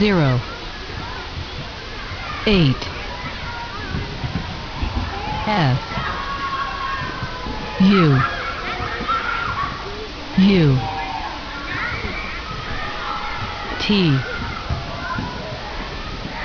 zero eight S U U T